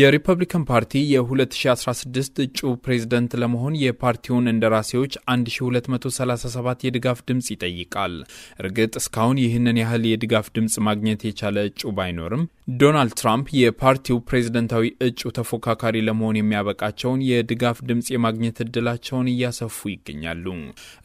የሪፐብሊካን ፓርቲ የ2016 እጩ ፕሬዝደንት ለመሆን የፓርቲውን እንደራሴዎች 1237 የድጋፍ ድምፅ ይጠይቃል። እርግጥ እስካሁን ይህንን ያህል የድጋፍ ድምፅ ማግኘት የቻለ እጩ ባይኖርም ዶናልድ ትራምፕ የፓርቲው ፕሬዝደንታዊ እጩ ተፎካካሪ ለመሆን የሚያበቃቸውን የድጋፍ ድምፅ የማግኘት እድላቸውን እያሰፉ ይገኛሉ።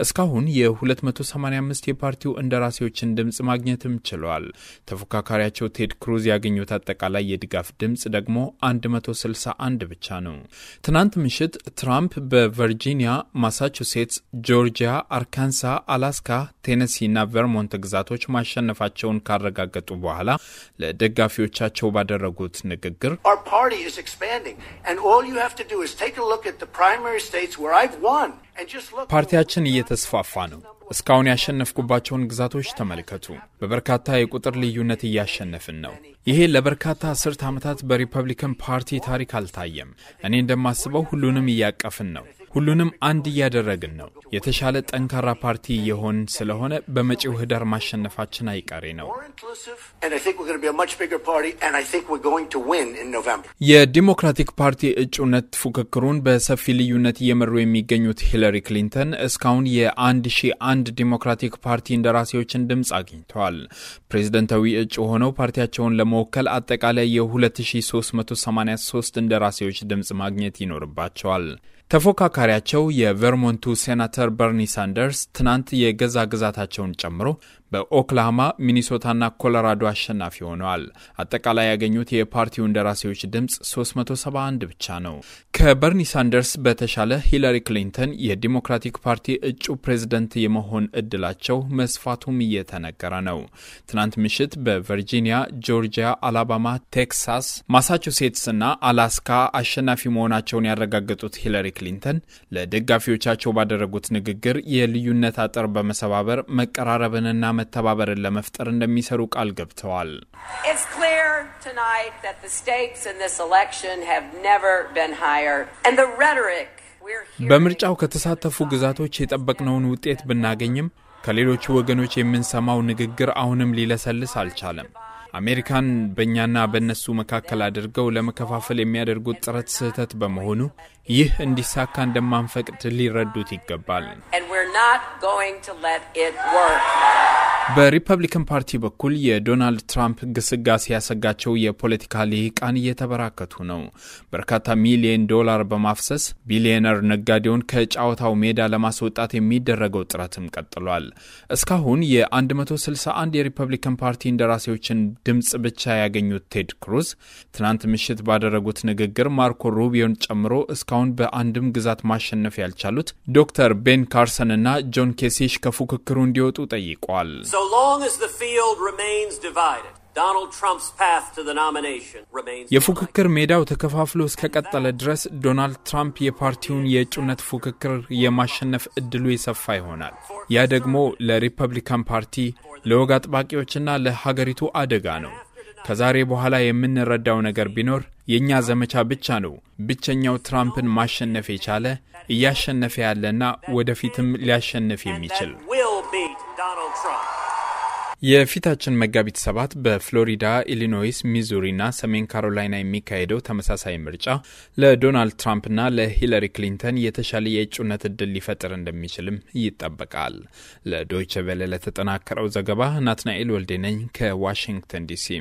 እስካሁን የ285 የፓርቲው እንደራሴዎችን ድምፅ ማግኘትም ችለዋል። ተፎካካሪያቸው ቴድ ክሩዝ ያገኙት አጠቃላይ የድጋፍ ድምፅ ደግሞ 161 ብቻ ነው። ትናንት ምሽት ትራምፕ በቨርጂኒያ፣ ማሳቹሴትስ፣ ጆርጂያ፣ አርካንሳ፣ አላስካ፣ ቴነሲ እና ቨርሞንት ግዛቶች ማሸነፋቸውን ካረጋገጡ በኋላ ለደጋፊዎች ደጋፊዎቻቸው ባደረጉት ንግግር ፓርቲያችን እየተስፋፋ ነው። እስካሁን ያሸነፍኩባቸውን ግዛቶች ተመልከቱ። በበርካታ የቁጥር ልዩነት እያሸነፍን ነው። ይሄ ለበርካታ አስርት ዓመታት በሪፐብሊካን ፓርቲ ታሪክ አልታየም። እኔ እንደማስበው ሁሉንም እያቀፍን ነው። ሁሉንም አንድ እያደረግን ነው። የተሻለ ጠንካራ ፓርቲ የሆን ስለሆነ በመጪው ህዳር ማሸነፋችን አይቀሬ ነው። የዲሞክራቲክ ፓርቲ እጩነት ፉክክሩን በሰፊ ልዩነት እየመሩ የሚገኙት ሂለሪ ክሊንተን እስካሁን የ አንድ ዲሞክራቲክ ፓርቲ እንደራሴዎችን ድምፅ አግኝተዋል። ፕሬዝደንታዊ እጩ ሆነው ፓርቲያቸውን ለመወከል አጠቃላይ የ2383 እንደራሴዎች ድምፅ ማግኘት ይኖርባቸዋል። ተፎካካሪያቸው የቨርሞንቱ ሴናተር በርኒ ሳንደርስ ትናንት የገዛ ግዛታቸውን ጨምሮ በኦክላሃማ ሚኒሶታና ኮሎራዶ አሸናፊ ሆነዋል። አጠቃላይ ያገኙት የፓርቲው እንደራሴዎች ድምፅ 371 ብቻ ነው። ከበርኒ ሳንደርስ በተሻለ ሂላሪ ክሊንተን የዲሞክራቲክ ፓርቲ እጩ ፕሬዝደንት የመሆን እድላቸው መስፋቱም እየተነገረ ነው። ትናንት ምሽት በቨርጂኒያ፣ ጆርጂያ፣ አላባማ፣ ቴክሳስ፣ ማሳቹሴትስ እና አላስካ አሸናፊ መሆናቸውን ያረጋገጡት ሂላሪ ክሊንተን ለደጋፊዎቻቸው ባደረጉት ንግግር የልዩነት አጥር በመሰባበር መቀራረብንና መተባበርን ለመፍጠር እንደሚሰሩ ቃል ገብተዋል። በምርጫው ከተሳተፉ ግዛቶች የጠበቅነውን ውጤት ብናገኝም ከሌሎቹ ወገኖች የምንሰማው ንግግር አሁንም ሊለሰልስ አልቻለም። አሜሪካን በእኛና በእነሱ መካከል አድርገው ለመከፋፈል የሚያደርጉት ጥረት ስህተት በመሆኑ ይህ እንዲሳካ እንደማንፈቅድ ሊረዱት ይገባል። በሪፐብሊካን ፓርቲ በኩል የዶናልድ ትራምፕ ግስጋሴ ያሰጋቸው የፖለቲካ ልሂቃን እየተበራከቱ ነው። በርካታ ሚሊዮን ዶላር በማፍሰስ ቢሊዮነር ነጋዴውን ከጨዋታው ሜዳ ለማስወጣት የሚደረገው ጥረትም ቀጥሏል። እስካሁን የ161 የሪፐብሊካን ፓርቲ እንደራሴዎችን ድምፅ ብቻ ያገኙት ቴድ ክሩዝ ትናንት ምሽት ባደረጉት ንግግር ማርኮ ሩቢዮን ጨምሮ እስካሁን በአንድም ግዛት ማሸነፍ ያልቻሉት ዶክተር ቤን ካርሰን እና ጆን ኬሲሽ ከፉክክሩ እንዲወጡ ጠይቋል። long as the field remains divided, የፉክክር ሜዳው ተከፋፍሎ እስከቀጠለ ድረስ ዶናልድ ትራምፕ የፓርቲውን የእጩነት ፉክክር የማሸነፍ እድሉ የሰፋ ይሆናል። ያ ደግሞ ለሪፐብሊካን ፓርቲ፣ ለወግ አጥባቂዎችና ለሀገሪቱ አደጋ ነው። ከዛሬ በኋላ የምንረዳው ነገር ቢኖር የእኛ ዘመቻ ብቻ ነው ብቸኛው ትራምፕን ማሸነፍ የቻለ እያሸነፈ ያለና ወደፊትም ሊያሸንፍ የሚችል የፊታችን መጋቢት ሰባት በፍሎሪዳ፣ ኢሊኖይስ፣ ሚዙሪና ሰሜን ካሮላይና የሚካሄደው ተመሳሳይ ምርጫ ለዶናልድ ትራምፕና ለሂለሪ ክሊንተን የተሻለ የእጩነት እድል ሊፈጥር እንደሚችልም ይጠበቃል። ለዶይቸ ቬለ ለተጠናከረው ዘገባ ናትናኤል ነኝ ከዋሽንግተን ዲሲ